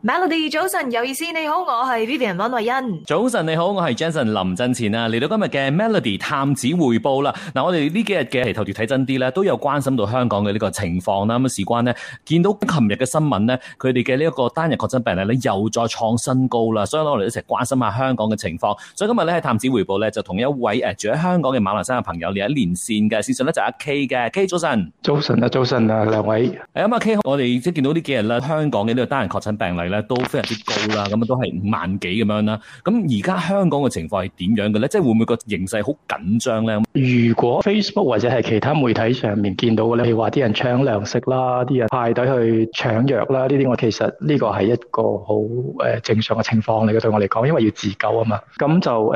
Melody 早晨，有意思，你好，我係 Vivian 溫慧欣。早晨，你好，我係 Jason 林振前啊！嚟到今日嘅 Melody 探子回報啦。嗱、嗯，我哋呢幾日嘅頭條睇真啲咧，都有關心到香港嘅呢個情況啦。咁事關咧，見到琴日嘅新聞咧，佢哋嘅呢一個單日確診病例咧又再創新高啦。所以咧，我哋一齊關心下香港嘅情況。所以今日咧係探子回報咧，就同一位誒住喺香港嘅馬來西亞朋友嚟一連線嘅。事實咧就係阿 K 嘅 k，K 早晨，早晨啊，早晨啊，兩位。咁阿、嗯嗯、k 我哋即係見到呢幾日咧，香港嘅呢個單人確診病例。咧都非常之高啦，咁啊都係五萬幾咁樣啦。咁而家香港嘅情況係點樣嘅咧？即係會唔會個形勢好緊張咧？如果 Facebook 或者係其他媒體上面見到嘅咧，譬如話啲人搶糧食啦，啲人排隊去搶藥啦，呢啲我其實呢個係一個好誒正常嘅情況嚟嘅。對我嚟講，因為要自救啊嘛。咁就誒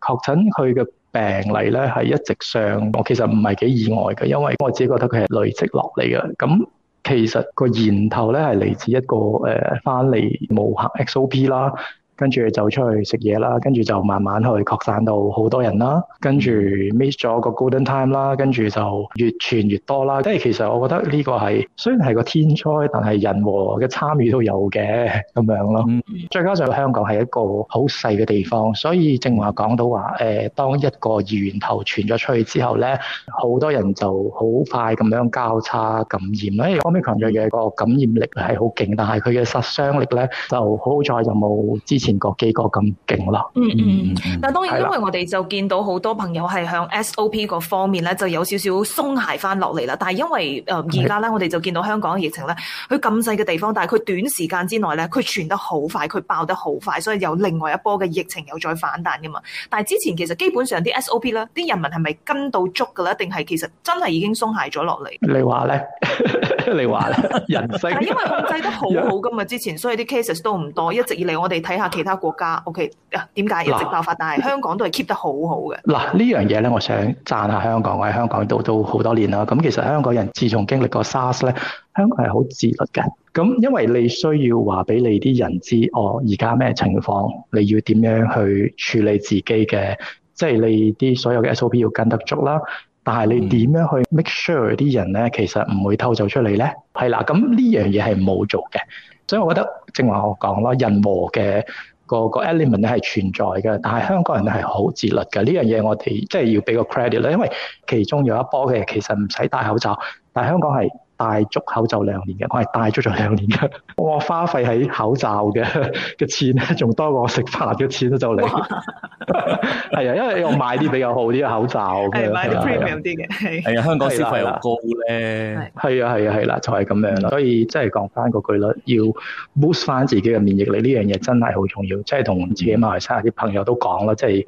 確診佢嘅病例咧，係一直上，我其實唔係幾意外嘅，因為我自己覺得佢係累積落嚟嘅。咁其實個源頭咧係嚟自一個誒翻嚟無限 XOP 啦。跟住就出去食嘢啦，跟住就慢慢去擴散到好多人啦，跟住 miss 咗個 golden time 啦，跟住就越傳越多啦。即係其實我覺得呢個係雖然係個天災，但係人和嘅參與都有嘅咁樣咯。再加上香港係一個好細嘅地方，所以正話講到話誒、呃、當一個源頭傳咗出去之後咧，好多人就好快咁樣交叉感染啦。因為 Omicron 嘅個感染力係好勁，但係佢嘅殺傷力咧就好好彩就冇之。前嗰幾個咁勁啦，嗯嗯，但係當然，因為我哋就見到好多朋友係向 SOP 嗰方面咧，就有少少鬆懈翻落嚟啦。但係因為誒而家咧，是我哋就見到香港嘅疫情咧，佢咁細嘅地方，但係佢短時間之內咧，佢傳得好快，佢爆得好快，所以有另外一波嘅疫情又再反彈㗎嘛。但係之前其實基本上啲 SOP 咧，啲人民係咪跟到足㗎咧？定係其實真係已經鬆懈咗落嚟？你話說咧， 你話咧，人世但因為控制得好好㗎嘛？之前所以啲 cases 都唔多，一直以嚟我哋睇下。其他國家 OK，點解一直爆發？大喏但係香港都係 keep 得好好嘅。嗱，樣呢樣嘢咧，我想讚下香港。我喺香港都都好多年啦。咁其實香港人自從經歷過 SARS 咧，香港係好自律嘅。咁因為你需要話俾你啲人知，哦，而家咩情況，你要點樣去處理自己嘅，即係你啲所有嘅 SOP 要跟得足啦。但係你點樣去 make sure 啲人咧，其實唔會偷走出嚟咧？係啦、嗯，咁呢樣嘢係冇做嘅。所以，我覺得正話我講咯，人和嘅個個 element 咧係存在嘅，但係香港人咧係好自律嘅呢樣嘢，我哋即係要俾個 credit 啦，因為其中有一波嘅其實唔使戴口罩，但係香港係。戴足口罩兩年嘅，我係戴足咗兩年嘅。我花費喺口罩嘅嘅錢咧，仲多過食飯嘅錢都就嚟。係啊，因為我買啲比較好啲嘅口罩。係啲嘅。係啊，香港消費又高咧。係啊係啊係啦，就係、是、咁樣。所以即係講翻嗰句啦，要 boost 翻自己嘅免疫力呢樣嘢真係好重要。即係同自己馬來西亞啲朋友都講啦，即、就、係、是。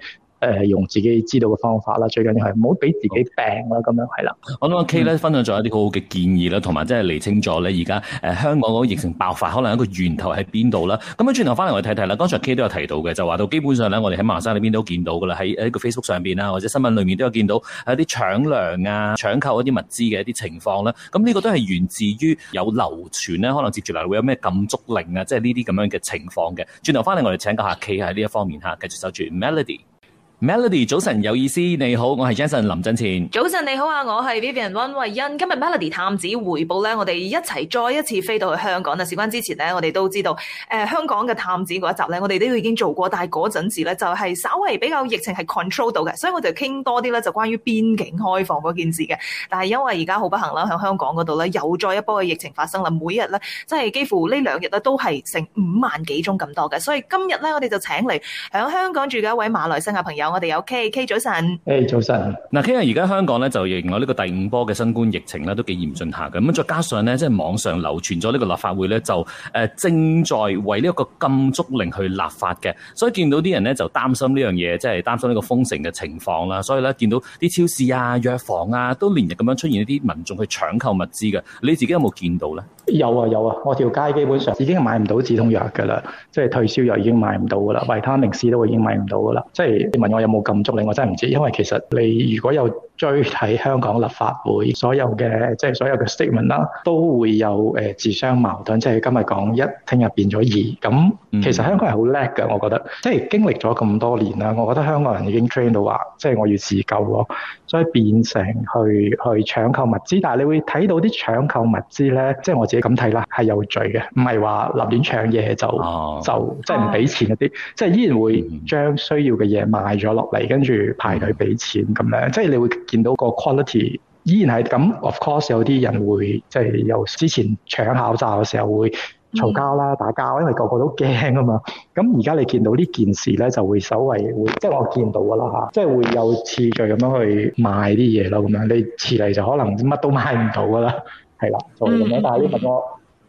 誒用自己知道嘅方法啦，最緊要係唔好俾自己病啦，咁、嗯、樣係啦。我諗阿 K 咧分享咗一啲好好嘅建議啦，同埋即係釐清咗咧而家誒香港嗰個疫情爆發 可能一個源頭喺邊度啦。咁樣轉頭翻嚟我哋睇睇啦。剛才 K 都有提到嘅，就話到基本上咧，我哋喺馬鞍山裏邊都見到噶啦，喺一個 Facebook 上邊啦，或者新聞裏面都有見到有啲搶糧啊、搶購一啲物資嘅一啲情況啦。咁呢個都係源自於有流傳咧，可能接住嚟會有咩禁足令啊，即係呢啲咁樣嘅情況嘅。轉頭翻嚟我哋請教下 K 喺呢一方面嚇，繼續守住 Melody。Melody，早晨有意思，你好，我係 Jason 林振前。早晨你好啊，我係 Vivian 溫慧欣。今日 Melody 探子回報咧，我哋一齊再一次飛到去香港啊！事關之前咧，我哋都知道，誒、呃、香港嘅探子嗰一集咧，我哋都已經做過，但係嗰陣時咧就係、是、稍為比較疫情係 control 到嘅，所以我哋就傾多啲咧就關於邊境開放嗰件事嘅。但係因為而家好不幸啦，響香港嗰度咧又再一波嘅疫情發生啦，每日咧即係幾乎兩呢兩日都係成五萬幾宗咁多嘅，所以今日咧我哋就請嚟響香港住嘅一位馬來西亞朋友。我哋有 K K 早晨，誒、hey，早晨。嗱 K 啊，而家香港咧就仍有呢個第五波嘅新冠疫情咧都幾嚴峻下嘅，咁再加上咧，即係網上流傳咗呢個立法會咧就誒正在為呢一個禁足令去立法嘅，所以見到啲人咧就擔心呢樣嘢，即係擔心呢個封城嘅情況啦。所以咧見到啲超市啊、藥房啊都連日咁樣出現一啲民眾去搶購物資嘅，你自己有冇見到咧？有啊有啊，我條街基本上已經買唔到止痛藥㗎啦，即係退燒藥已經買唔到㗎啦，維他命 C 都已經買唔到㗎啦，即係你問我有冇禁足令，我真係唔知，因為其實你如果有追睇香港立法會所有嘅即係所有嘅 statement 啦、啊，都會有誒、呃、自相矛盾，即係今日講一，聽日變咗二。咁其實香港人好叻㗎，我覺得，即係經歷咗咁多年啦，我覺得香港人已經 train 到話，即係我要自救咯，所以變成去去搶購物資。但係你會睇到啲搶購物資咧，即係我自己咁睇啦，係有罪嘅，唔係話立亂搶嘢就、啊、就即係唔俾錢嗰啲，即係、啊、依然會將需要嘅嘢賣咗落嚟，跟住排隊俾錢咁、嗯、樣，即係你會，見到個 quality 依然係咁，of course 有啲人會即係、就是、由之前搶口罩嘅時候會嘈交啦、打交，因為個個都驚啊嘛。咁而家你見到呢件事咧，就會稍微會即係、就是、我見到噶啦嚇，即、就、係、是、會有次序咁樣去賣啲嘢咯，咁樣你遲嚟就可能乜都買唔到噶啦，係啦。就咁樣，但係呢個我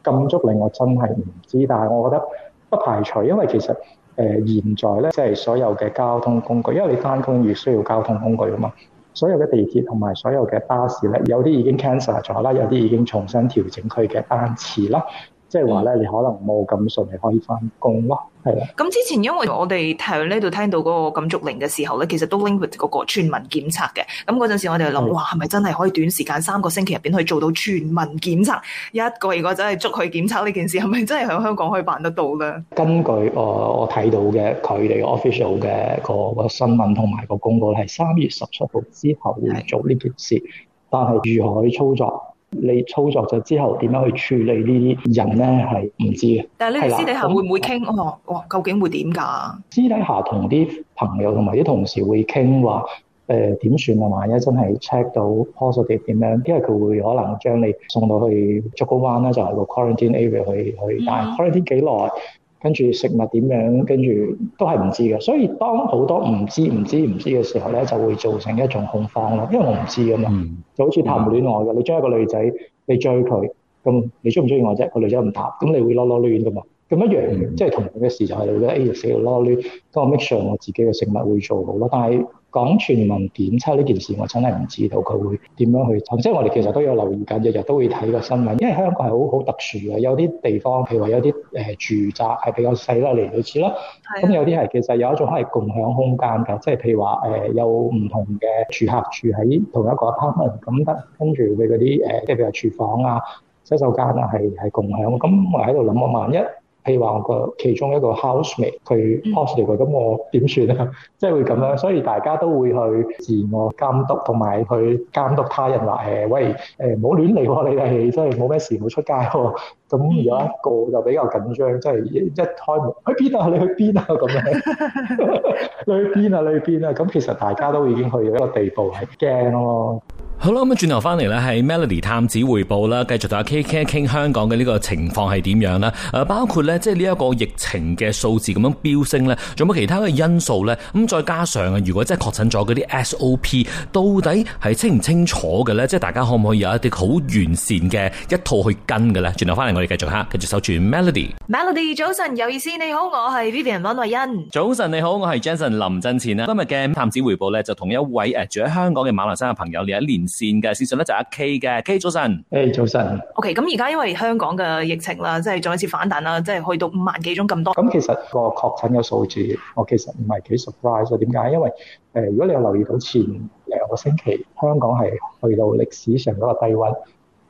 禁足令我真係唔知，但係我覺得不排除，因為其實誒現在咧即係所有嘅交通工具，因為你翻工越需要交通工具啊嘛。所有嘅地鐵同埋所有嘅巴士咧，有啲已經 cancel 咗啦，有啲已經重新調整佢嘅班次啦。即係話咧，你可能冇咁順，可以返工咯，係啊。咁之前因為我哋喺呢度聽到嗰個禁足令嘅時候咧，其實都 link 住嗰個全民檢測嘅。咁嗰陣時我哋諗，的哇，係咪真係可以短時間三個星期入邊去做到全民檢測？一個一個真係捉去檢測呢件事，係咪真係喺香港可以辦得到咧？根據我我睇到嘅佢哋 official 嘅個新聞同埋個公告係三月十七號之後做呢件事，的但係如何操作？你操作咗之後點樣去處理呢啲人咧，係唔知嘅。但係你私底下的會唔會傾？哦，哇，究竟會點㗎？私底下同啲朋友同埋啲同事會傾話，誒點算啊？萬一真係 check 到 positive 點樣？因為佢會可能將你送到去竹篙灣就係、是、個 quarantine area 去去，但係 quarantine 幾耐？嗯跟住食物點樣？跟住都係唔知嘅，所以當好多唔知、唔知、唔知嘅時候咧，就會造成一種恐慌咯。因為我唔知㗎嘛，就好似談戀愛嘅、嗯，你追一個女仔，你追佢，咁你鍾唔鍾意我啫？個女仔唔答，咁你會囉囉攣㗎嘛？咁一樣，嗯、即係同樣嘅事就係你覺得 A 要死要囉囉攣，咁我 make sure 我自己嘅食物會做好咯。但係，講全民檢測呢件事，我真係唔知道佢會點樣去做，即係我哋其實都有留意緊，日日都會睇個新聞，因為香港係好好特殊嘅。有啲地方譬如話有啲誒住宅係比較細啦、嚟到似啦，咁有啲係其實有一種係共享空間㗎。即係譬如話誒有唔同嘅住客住喺同一個 apartment，咁得跟住佢嗰啲誒，即係譬如廚房啊、洗手間啊係係共享。咁我喺度諗，我萬一。譬如話，我個其中一個 housemate 佢 post 嚟佢、嗯、咁我點算啊？即、就、係、是、會咁樣，所以大家都會去自我監督，同埋去監督他人話：誒，喂，誒、欸，唔好亂嚟喎、哦！你係真係冇咩事，唔好出街喎、哦。咁 有一個就比較緊張，即、就、係、是、一開門，去邊啊？你去邊啊？咁樣， 你去邊啊？你去邊啊？咁其實大家都已經去到一個地步係驚咯。好啦，咁啊，轉頭翻嚟咧，係 Melody 探子回報啦，繼續同阿 K K 傾香港嘅呢個情況係點樣啦？誒，包括咧，即係呢一個疫情嘅數字咁樣飆升咧，仲有冇其他嘅因素咧？咁再加上啊，如果真係確診咗嗰啲 S O P，到底係清唔清楚嘅咧？即係大家可唔可以有一啲好完善嘅一套去跟嘅咧？轉頭翻嚟，我哋繼續吓，繼續守住 Melody。Melody 早晨，有意思，你好，我係 Vivian 溫慧欣。早晨你好，我係 Jason 林振前啊。今日嘅探子回報咧，就同一位誒、呃、住喺香港嘅馬來西亞朋友嚟一年。線嘅線上咧，就阿 K 嘅 K 早晨，誒、hey, 早晨，OK。咁而家因為香港嘅疫情啦，即係再一次反彈啦，即係去到五萬幾宗咁多。咁其實個確診嘅數字，我其實唔係幾 surprise。點解？因為誒、呃，如果你有留意到前兩個星期香港係去到歷史上嗰個低温，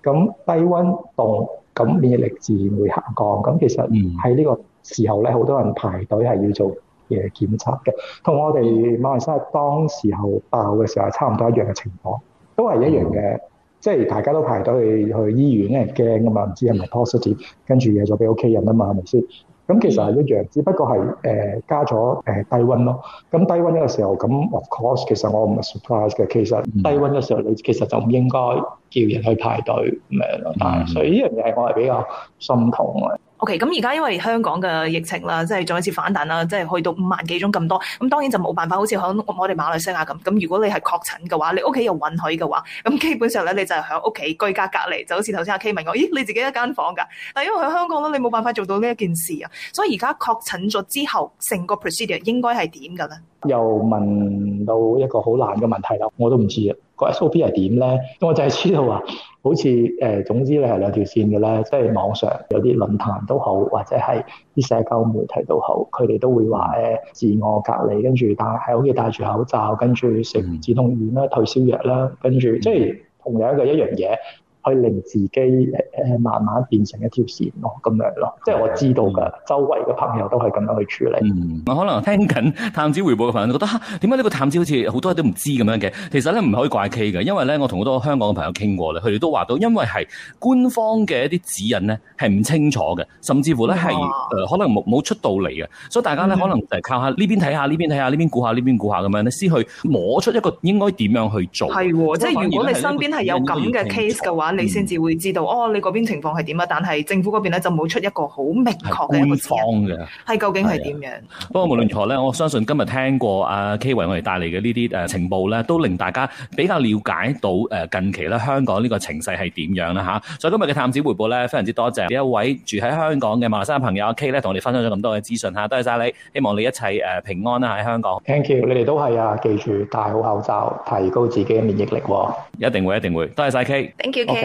咁低温凍，咁免疫力自然會下降。咁其實喺呢個時候咧，好、mm. 多人排隊係要做嘢檢測嘅，同我哋馬來西亞當時候爆嘅時候係差唔多一樣嘅情況。都係一樣嘅，mm hmm. 即係大家都排隊去去醫院，啲人驚㗎嘛，唔知係咪 positive，跟住嘢就俾屋企人啊嘛，係咪先？咁其實係一樣，只不過係誒、呃、加咗誒低溫咯。咁低溫呢個時候，咁 of course 其實我唔係 surprise 嘅。其實低溫嘅時候，你其實就唔應該叫人去排隊咁樣咯。Mm hmm. 但係所以呢樣嘢係我係比較心痛嘅。OK，咁而家因為香港嘅疫情啦，即係再一次反彈啦，即係去到五萬幾宗咁多。咁當然就冇辦法，好似響我哋馬來西亞咁。咁如果你係確診嘅話，你屋企又允許嘅話，咁基本上咧你就喺屋企居家隔離，就好似頭先阿 K 問我，咦你自己一間房㗎？但因為喺香港啦，你冇辦法做到呢一件事啊。所以而家確診咗之後，成個 procedure 應該係點㗎咧？又問到一個好難嘅問題啦，我都唔知啊。個 SOP 係點咧？我就係知道話，好似誒總之你係兩條線嘅咧，即係網上有啲論壇都好，或者係啲社交媒體都好，佢哋都會話誒自我隔離，跟住戴係好似戴住口罩，跟住食止痛丸啦、退燒藥啦，跟住即係同樣嘅一樣嘢。去令自己誒慢慢變成一條線咯，咁樣咯，即係我知道㗎，周圍嘅朋友都係咁樣去處理。嗯，可能聽緊探子回報嘅朋友覺得嚇，點解呢個探子好似好多人都唔知咁樣嘅？其實咧唔可以怪 K 嘅，因為咧我同好多香港嘅朋友傾過咧，佢哋都話到，因為係官方嘅一啲指引咧係唔清楚嘅，甚至乎咧係誒可能冇冇出道嚟嘅，所以大家咧可能就係靠下呢邊睇下呢邊睇下呢邊估下呢邊估下咁樣咧，先去摸出一個應該點樣去做。係，即係如果你身邊係有咁嘅 case 嘅話。你先至會知道哦，你嗰邊情況係點啊？但係政府嗰邊咧就冇出一個好明確嘅一個指引，係究竟係點樣？不過無論如何咧，我相信今日聽過阿 K 為我哋帶嚟嘅呢啲誒情報咧，都令大家比較了解到誒近期咧香港呢個情勢係點樣啦吓，所以今日嘅探子回報咧非常之多謝一位住喺香港嘅馬來西亞朋友阿 K 咧，同我哋分享咗咁多嘅資訊吓，多謝晒你，希望你一切誒平安啦喺香港。Thank you，你哋都係啊，記住戴好口罩，提高自己嘅免疫力喎、哦。一定會，一定會，多謝晒。K。Thank you，K。